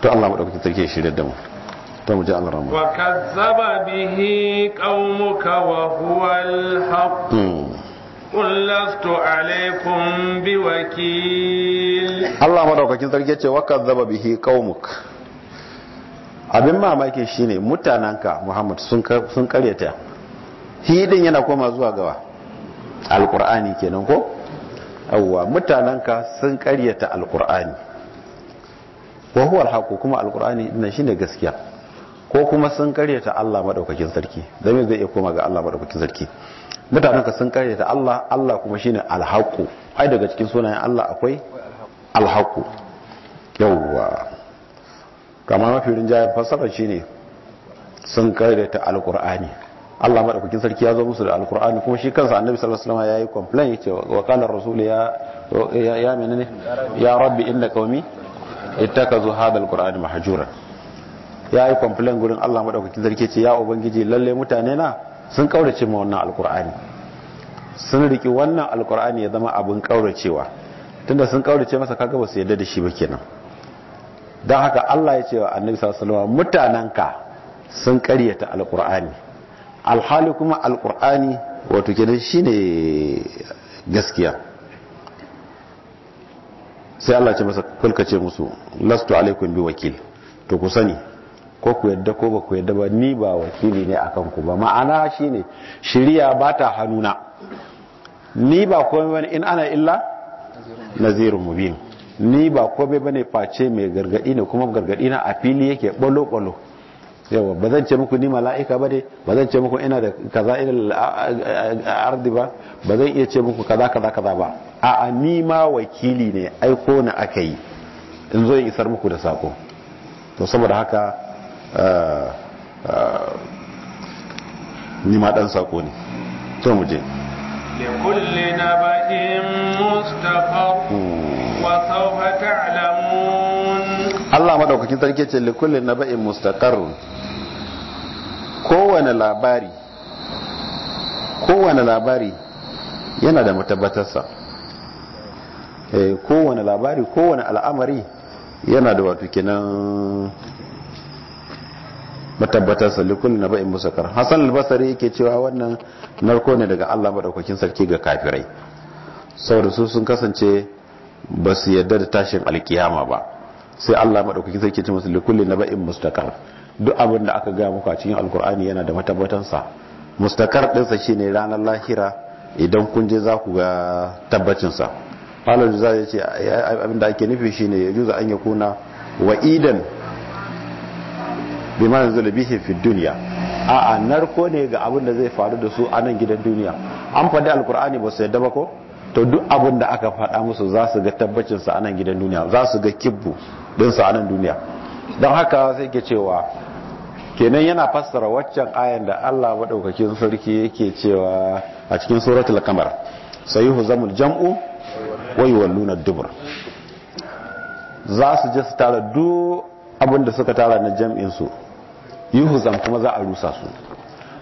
to Allah madaukakin sarki ya shirya da mu تمجع الرمى bihi به wa وهو الحق قل لست عليكم بوكيل الله مدوكاkin sarki ce wakazzaba bihi qaumuk abin mamaki shine mutananka Muhammad sun karyata hidin yana koma zuwa gawa alqur'ani kenan ko yawwa mutananka sun karyata alqur'ani wa huwa alhaqu kuma alqur'ani din shine gaskiya ko kuma sun karyata Allah madaukakin sarki domin zai iya koma ga Allah madaukakin sarki mutanen ka sun karyata Allah Allah kuma shine alhaqu ai daga cikin sunayen Allah akwai alhaqu yawwa kamar mafi rinjayen fasara shine sun karyata alqur'ani Allah madaukakin sarki ya zo musu da alqur'ani kuma shi kansa annabi sallallahu alaihi wasallam yayi complain yace wa qala rasul ya ya menene ya rabbi inna qaumi ittakazu hadha alqur'ani mahjura ya yi complain gurin Allah madaukakin zarki ce ya ubangiji lalle mutane na sun ƙaurace ma wannan alkur'ani sun riki wannan alkur'ani ya zama abin kauracewa tunda sun kaurace masa kaga ba su yadda da shi ba kenan don haka Allah ya ce wa annabi sallallahu alaihi mutananka sun karyata alkur'ani alhali kuma alkur'ani wato kenan shine gaskiya sai Allah ce masa kulkace musu lastu alaikum bi wakil to ku sani ko ku yadda ko ba ku yadda ba ni ba wakili ne akan ku ba ma'ana shine shiriya ba ta hannuna ni ba komai bane in ana illa nazirun mubin ni ba komai bane face mai gargadi ne kuma gargadi na a fili yake bolo bolo yawa ba zan ce muku ni mala'ika ba ne ba zan ce muku ina da kaza irin ardi ba ba zan iya ce muku kaza kaza kaza ba a ni ma wakili ne aiko na aka yi in zo in isar muku da sako to saboda haka Eh, eh, ni ma dan sako ne to mu je likulli nabain mustaqar wa sawfa ta'lamun Allah madaukakin sarki ce likulli nabain mustaqar kowane labari kowane labari yana da matabbatarsa eh, kowane labari kowane al'amari yana da wato kenan matabbatarsa salikun na ba'in musakar hassan albasari yake cewa wannan narko ne daga allah maɗaukakin sarki ga kafirai saboda su sun kasance ba su yarda da tashin alkiyama ba sai allah maɗaukakin sarki ce masu likulli na ba'in mustakar duk abin da aka gaya muku a cikin alkur'ani yana da matabbatansa mustakar ɗinsa shine ranar lahira idan kun je za ku ga tabbacinsa da za ya ce abin da ake nufi shine ya juza an ya kuna wa'idan bima yanzu bihi fi duniya a'a narko ne ga abin da zai faru da su a nan gidan duniya an faɗi alkur'ani ba su yadda ba ko to duk abin da aka faɗa musu za su ga tabbacin sa a nan gidan duniya za su ga kibbu din sa a nan duniya don haka sai ke cewa kenan yana fassara waccan ayan da Allah madaukakin sarki yake cewa a cikin suratul qamar sayyuhu zamul jam'u wa yuwalluna dubur za su je su tara duk abinda suka tara na jam'in su huzan kuma za a rusa su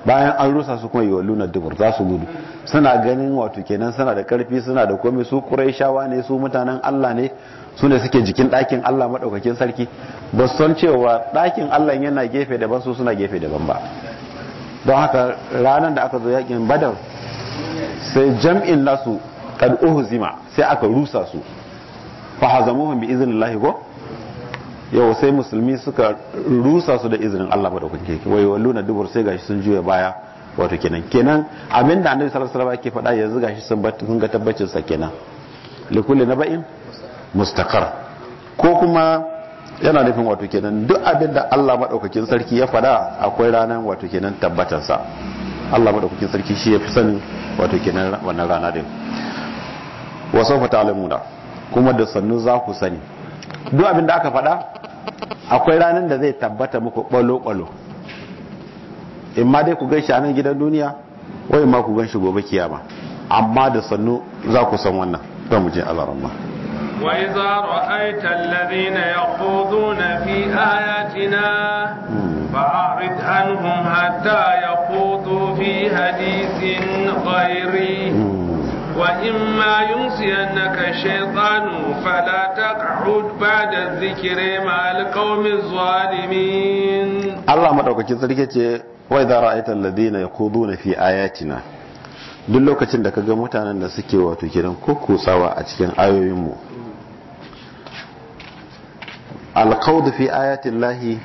bayan an rusa su kuma yawalluna dubur za su gudu suna ganin wato kenan suna da karfi suna da komai su shawa ne su mutanen Allah ne su ne suke jikin ɗakin Allah maɗaukakin sarki ba su san cewa ɗakin Allah yana gefe daban su suna gefe daban ba don haka ranar da aka zo yakin badar sai jam'in nasu kad zima sai aka rusa su fa hazamuhum bi iznillahi ko yau sai musulmi suka rusa su da izinin Allah madaukake wai na dubur sai gashi sun juya baya wato kenan kenan abinda annabi sallallahu alaihi wasallam ke faɗa yanzu gashi sun bat sun ga tabbacin sa kenan likulli naba'in mustaqar ko kuma yana nufin wato kenan duk abinda Allah madaukakin sarki ya faɗa akwai ranar wato kenan tabbatar sa Allah madaukakin sarki shi ya fi sanin wato kenan wannan rana din wa sawfa ta'lamuna kuma da sannu za ku sani duk abin da aka faɗa akwai ranar da zai tabbata muku ɓalo-ɓalo in ma dai ku gan shi a nan gidan duniya wai ma ku gan shi gobe kiyama amma da sannu za ku san wannan don ya je na fi رأيت الذين يخوضون فأعرض عنهم حتى يخوضوا في حديث غيره إما ينسينك الشيطان فلا تقعد بعد الذكر مع القوم الظالمين الله مدعوك تذلك وإذا رأيت الذين يقودون في آياتنا duk lokacin da kaga mutanen da suke wato kiran kusawa a cikin ayoyinmu alkaudu fi ayatin lahi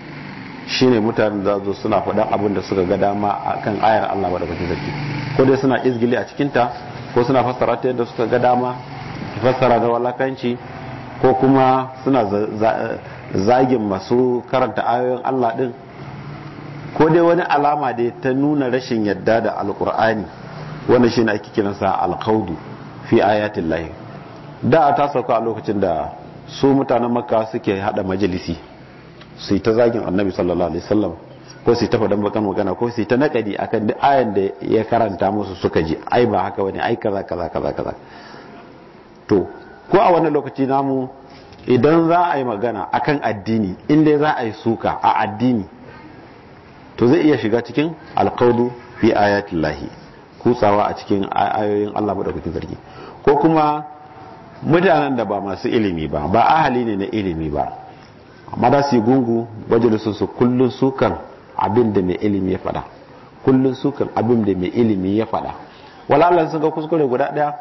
shine mutanen da zo suna faɗan abin da suka ga dama akan ayar Allah madaukakin sarki ko dai suna izgili a cikinta ko suna fassara ta yadda suka ga dama fassara da walakanci ko kuma suna zagin masu karanta ayoyin Allah din ko dai wani alama dai ta nuna rashin yadda da alkur'ani wanda shine ake kiransa alkaudu fi ayatin lahi da ta sauka a lokacin da su mutanen makka suke hada majalisi su yi ta zagin annabi sallallahu alaihi wasallam ko su ta faɗin bakan magana ko su ta naƙadi akan duk ayan da ya karanta musu suka ji ai ba haka bane ai kaza kaza kaza kaza to ko a wani lokaci namu idan za a yi magana akan addini inda za a yi suka a addini to zai iya shiga cikin alƙaudu fi ayatin lahi kusawa a cikin ayoyin Allah maɗaukakin sarki ko kuma mutanen da ba masu ilimi ba ba ahali ne na ilimi ba amma da su gungu wajen su su kullum sukan abin da mai ilimi ya fada. kullum sukan abin da mai ilimi ya faɗa walalan sun ga kuskure guda ɗaya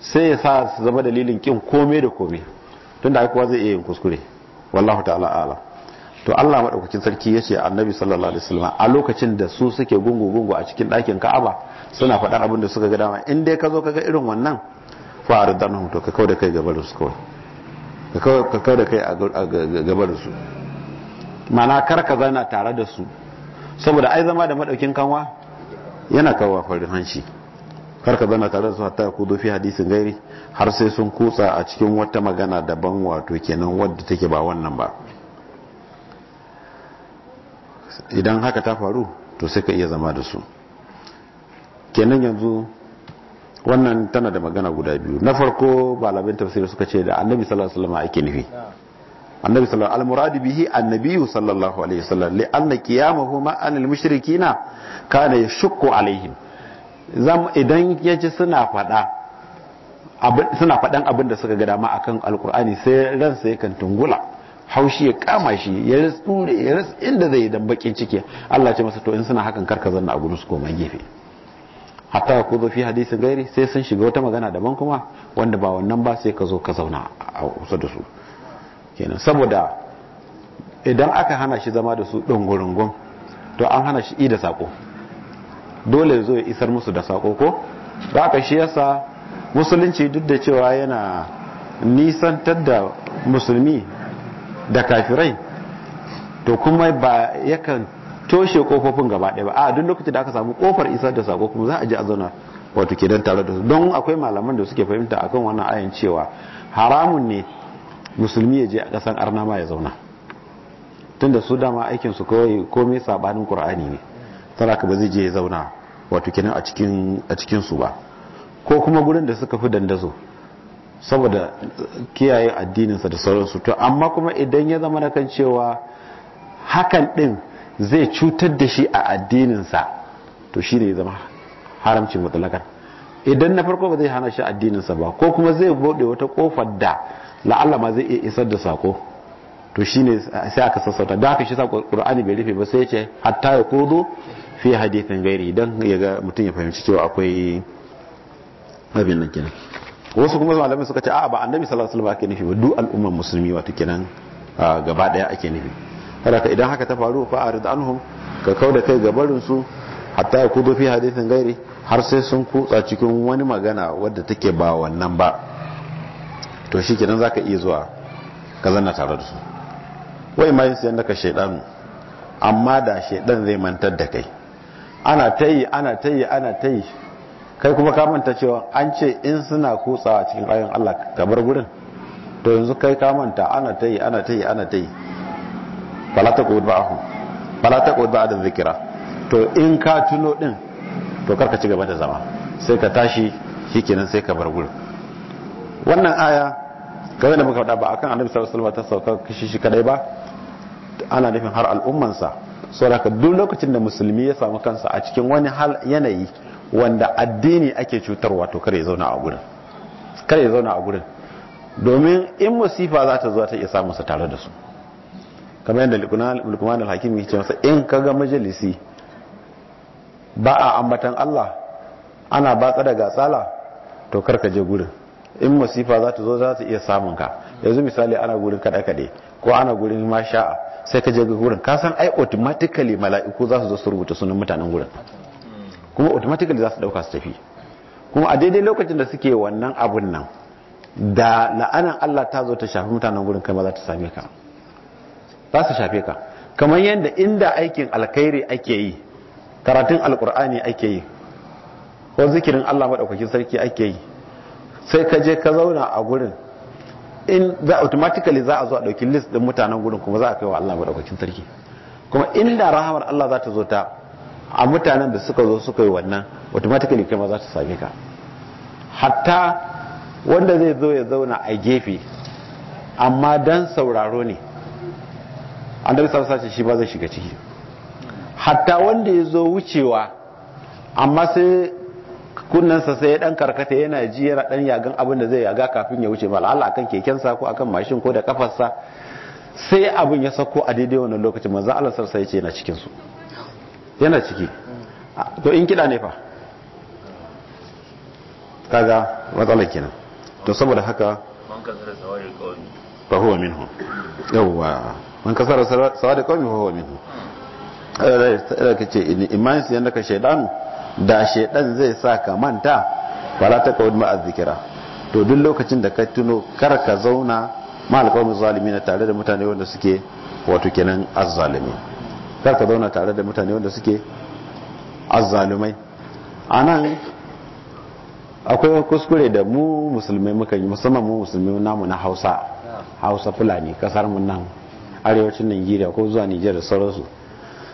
sai ya sa su zama dalilin kin kome da kome tun da kuwa zai iya yin kuskure wallahu ta'ala ala to Allah madaukakin sarki yace annabi sallallahu alaihi wasallam a lokacin da su suke gungu gungu a cikin ɗakin Ka'aba suna faɗar abin da suka ga dama in dai ka zo ka ga irin wannan fa'ar danhum to ka kauda kai gaban su kawai ka kauda kai a gaban su ma'ana kar ka zana tare da su saboda ai zama da madaukin kanwa yana kawo farin hanci karka zana tare da su hatta ku dofi hadisin gairi har sai sun kutsa a cikin wata magana daban wato kenan wadda take ba wannan ba idan haka ta faru to sai ka iya zama da su kenan yanzu wannan tana da magana guda biyu na farko balabin tafsir suka ce da annabi sallallahu alaihi wasallam ake nufi annabi sallallahu alaihi muradi bihi annabi sallallahu alaihi wasallam li anna qiyamahu ma anil mushrikina kana yashqu alaihim zam idan yaji suna fada suna fadan abin da suka ga dama akan alqur'ani sai ransa yakan tungula haushi ya kama shi ya rasture ya ras inda zai dan bakin ciki Allah ce masa to in suna hakan karka zanna a gurin su koma gefe hatta ku zo fi hadisin gairi sai sun shiga wata magana daban kuma wanda ba wannan ba sai ka zo ka zauna a kusa da su kenan saboda idan aka hana shi zama da su ɗungurungun to an hana shi da sako dole zo ya isar musu da sako ko ba ka shi yasa musulunci duk da cewa yana nisantar da musulmi da kafirai to kuma ba yakan toshe kofofin gaba ɗaya ba a duk lokacin da aka samu kofar isar da sako kuma za a ji a zauna wato kenan tare da su don akwai malaman da suke fahimta akan wannan ayan cewa haramun ne musulmi ya je a kasan arna ya zauna tunda su dama aikin su kawai komai sabanin qur'ani ne saraka ba zai je ya zauna wato kinan a cikin ba ko kuma gurin da suka fi dandazo saboda kiyaye addininsa da sauransu to amma kuma idan ya zama na kan cewa hakan din zai cutar da shi a addininsa to shi ne ya zama haramcin mutlakar idan na farko ba zai hana shi addininsa ba ko kuma zai bude wata kofar da la'alla ma zai iya isar da sako to shine sai aka sassauta da aka shi sa qur'ani bai rufe ba sai ce hatta ya kudu fi hadithin gairi dan ya ga mutum ya fahimci cewa akwai abin nan kenan wasu kuma malamai suka ce a'a ba annabi sallallahu alaihi wasallam ake nufi ba duk al'umman musulmi wato kenan gaba daya ake nufi haka idan haka ta faru fa arid anhum ka kauda kai gabarin su hatta ya kudu fi hadithin gairi har sai sun kutsa cikin wani magana wadda take ba wannan ba to shi kenan za ka iya zuwa ka zanna tare da su wai ma yin siyan daga shaidan amma da shaidan zai mantar da kai ana ta yi ana ta yi ana ta yi kai kuma ka manta cewa an ce in suna kutsawa cikin ayon Allah ka bar gurin to yanzu kai ka manta ana ta yi ana ta yi ana ta yi fala ko ba ba'ahu fala zikira to in ka tuno din to karka ci gaba da zama sai ka tashi shi kenan sai ka bar gurin wannan aya game da muka faɗa ba akan annabi sallallahu alaihi wasallam ta sauka kashi shi kadai ba ana nufin har al'ummansa saboda duk lokacin da musulmi ya samu kansa a cikin wani hal yanayi wanda addini ake cutarwa to kare zauna a gurin kare zauna a gurin domin in musifa za ta zo ta iya samun sa tare da su kamar yadda lukman al-hakim ce masa in ka ga majalisi ba a ambatan Allah ana batsa daga tsala to kar ka je gurin in masifa za ta zo za ta iya samun ka yanzu misali ana gurin kada kade ko ana gurin masha'a sai ka je gurin ka san ai automatically mala'iku za su zo su rubuta sunan mutanen gurin kuma automatically za su dauka su tafi kuma a daidai lokacin da suke wannan abun nan da la'anan Allah ta zo ta shafi mutanen gurin kai ma za ta same ka za su shafe ka kamar yadda inda aikin alkhairi ake yi karatun alkur'ani ake yi ko zikirin Allah madaukakin sarki ake yi sai ka je ka zauna a gurin in za automatically za a zo a dauki list din mutanen gurin kuma za a kai wa Allah madaukakin sarki kuma inda rahamar Allah za ta zo ta a mutanen da suka zo suka yi wannan automatically kai ma za ta same ka hatta wanda zai zo ya zauna a gefe amma dan sauraro ne annabi sallallahu alaihi shi ba zai shiga ciki hatta wanda ya zo wucewa amma sai kunnansa sai ya dan karkata yana ji yana dan yagan abin da zai yaga kafin ya wuce Allah akan keken sa ko akan mashin ko da kafarsa sai abin ya sako a daidai wannan lokacin manzo Allah ya ce yana cikin su yana ciki to in kida ne fa kaga matsalar kenan to saboda haka man kasara sawari qawmi fa huwa minhu yawa man kasara sawari qawmi fa huwa minhu eh, eh, eh kace in imansi yanda ka shaydanu da shaidan zai sa ka manta fala ta kawud ma'a to duk lokacin da ka tuno kar ka zauna ma alƙawar zalimi na tare da mutane wanda suke wato kenan azzalimi kar ka zauna tare da mutane wanda suke azzalumai a nan akwai kuskure da mu musulmai muka yi musamman mu musulmai namu na hausa hausa fulani kasar mu nan arewacin nigeria ko zuwa nijar da sauransu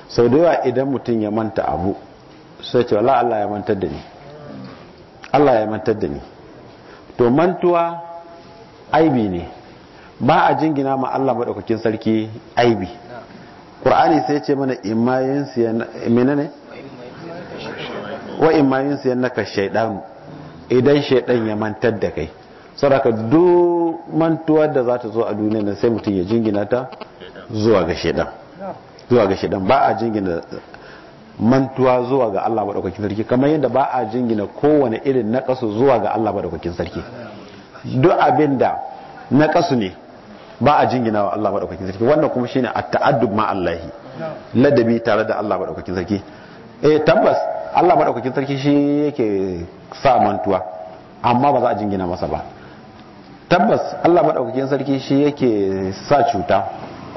sau da yawa idan mutum ya manta abu sai ce wala Allah ya mantar da ni Allah ya mantar da ni to mantuwa aibi ne ba a jingina ma Allah madaukakin sarki aibi Qur'ani sai ce mana imayin siyan menene wa imayin siyan naka shaydan idan shaydan ya mantar da kai saboda duk mantuwar da za ta zo a duniya nan sai mutum ya jingina ta zuwa ga shaydan zuwa ga shaydan ba a jingina mantuwa zuwa ga Allah madaukakin sarki kamar yadda ba a jingina kowane irin na naqasu zuwa ga Allah madaukakin sarki duk abinda naqasu ne ba a jingina wa Allah madaukakin sarki wannan kuma shine at-ta'addub ma Allah ladabi tare da Allah madaukakin sarki eh tabbas Allah madaukakin sarki shi yake sa mantuwa amma ba za a jingina masa ba tabbas Allah madaukakin sarki shi yake sa cuta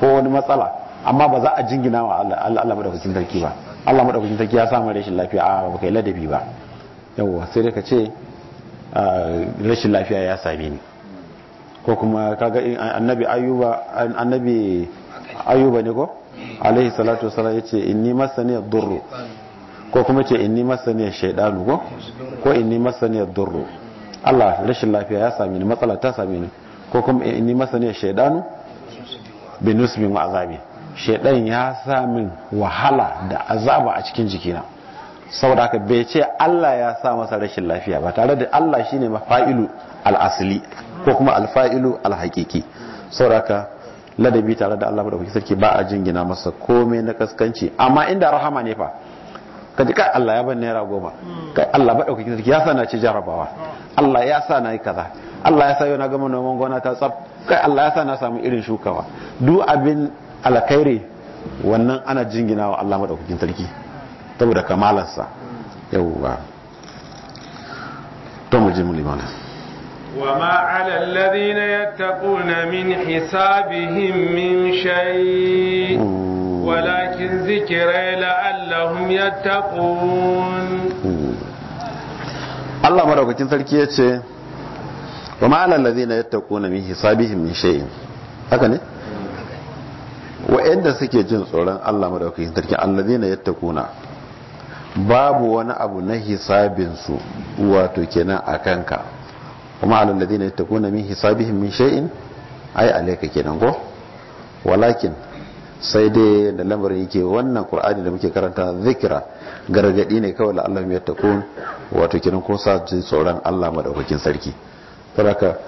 ko wani matsala amma ba za a jingina wa Allah madaukakin sarki ba Allah madaukakin sarki ya samu rashin lafiya a ba kai ladabi ba yawa sai da ka ce rashin lafiya ya same ni ko kuma kaga annabi ayyuba annabi ayyuba ne ko alaihi salatu wasallam yace inni masani ad-durr ko kuma ce inni masani ash-shaytanu ko ko inni masani ad-durr Allah rashin lafiya ya same ni matsala ta same ni ko kuma inni masani ash-shaytanu bi nusbin wa shaidan ya sa min wahala da azaba a cikin jikina saboda haka bai ce Allah ya sa masa rashin lafiya ba tare da Allah shine mafa'ilu al'asili ko kuma alfa'ilu alhaqiqi saboda haka ladabi tare da Allah madaukakin sarki ba a jingina masa komai na kaskanci amma inda rahama ne fa Kaji kai Allah ya ban naira goma kai Allah madaukakin sarki ya sa na ci jarabawa Allah ya sa na yi kaza Allah ya sa yau na gama noman gona ta tsaf kai Allah ya sa na samu irin shukawa duk abin alkhairi wannan ana jingina wa Allah madaukakin sarki saboda kamalarsa yawwa to mu je mu limana وما على الذين يتقون من حسابهم من شيء ولكن ذكرى لعلهم يتقون Allah مدaukakin sarki yace wa ma alal ladina yattaquna min hisabihim min shay'in mm. mm. haka ne wa'anda suke jin tsoron Allah madaukakin sarki allazina yattaquna babu wani abu na hisabin su wato kenan akan ka kuma allazina yattaquna min hisabihim min shay'in ai alayka kenan ko walakin sai dai da lamarin yake wannan qur'ani da muke karanta zikira gargadi ne kawai la Allah ya takun wato kenan ko sa jin tsoron Allah madaukakin sarki saboda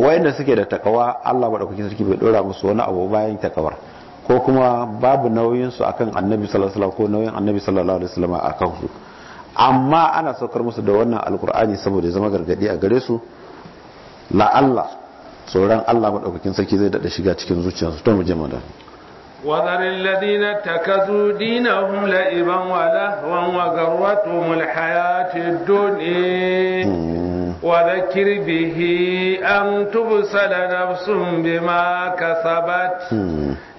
wa'anda suke da takawa Allah madaukakin sarki bai dora musu wani abu bayan takawar ko kuma babu nauyinsu akan annabi sallallahu alaihi ko nauyin annabi sallallahu alaihi wasallam akan su amma ana saukar musu da wannan alkur'ani saboda zama gargadi a gare su la'alla tsoron Allah madaukakin sarki zai dada shiga cikin zuciyarsu to mu je mu da وذر الذين اتخذوا دينهم لعبا ولهوا وغرتهم الحياة الدنيا hmm. وذكر به أن تبسل نفس بما كسبت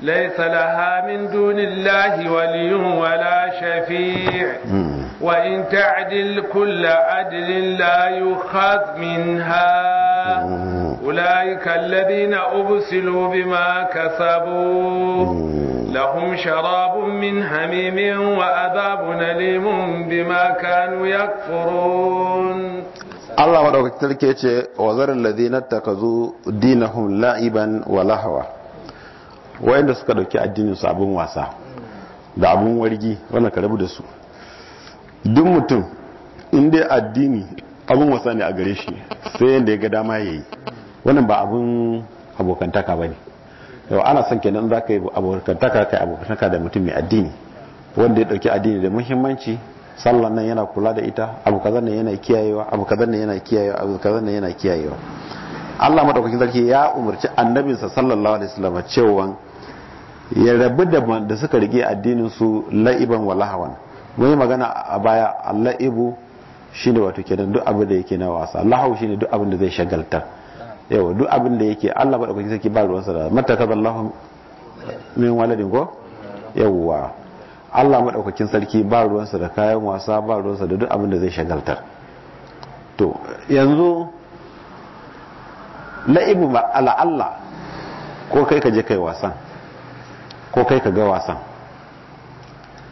ليس لها من دون الله ولي ولا شفيع وإن تعدل كل عدل لا يؤخذ منها أولئك الذين أبسلوا بما كسبوا لهم شراب من حميم وأذاب أليم بما كانوا يكفرون Allah madaukakin sarki ce wa zarar ladina takazu dinahun la'iban wa lahawa wayanda suka dauki addinin su abin wasa da abin wargi wanda ka rabu da su duk mutum inda addini abin wasa ne a gare shi sai yadda ya ga dama yayi wannan ba abun abokantaka ne yau ana son kenan za ka yi abokantaka kai abokantaka da mutum mai addini wanda ya ɗauki addini da muhimmanci sallan nan yana kula da ita abu kaza nan yana kiyayewa abu kaza nan yana kiyayewa abu kaza nan yana kiyayewa Allah madaukakin sarki ya umarci annabinsa sallallahu alaihi wasallam cewa ya rabu da da suka rige addinin su la'iban wa lahawan mun yi magana a baya Allah laibu shine wato kenan duk abin da yake na wasa lahaw shine duk abin da zai shagalta yawa duk abin da yake Allah madaukakin sarki ba ruwansa da matta kazallahu min waladin go yawa Allah maɗaukakin sarki ba ruwansa da kayan wasa ba ruwansa da duk abin da zai shagaltar to yanzu la'ibu ala'alla ko kai ka je kai wasan ko kai ka ga wasan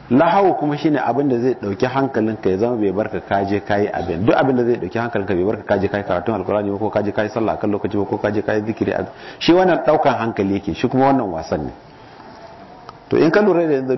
lahawu kuma shine abin da zai dauki hankalinka ya zama bai barka ka je kai abin duk abin da zai dauki hankalinka bai barka ka je kai karatun alkurani ko ka je kai sallah kan lokaci ko ka je kai zikiri shi wannan daukan hankali yake shi kuma wannan wasan ne to in ka lura da yanzu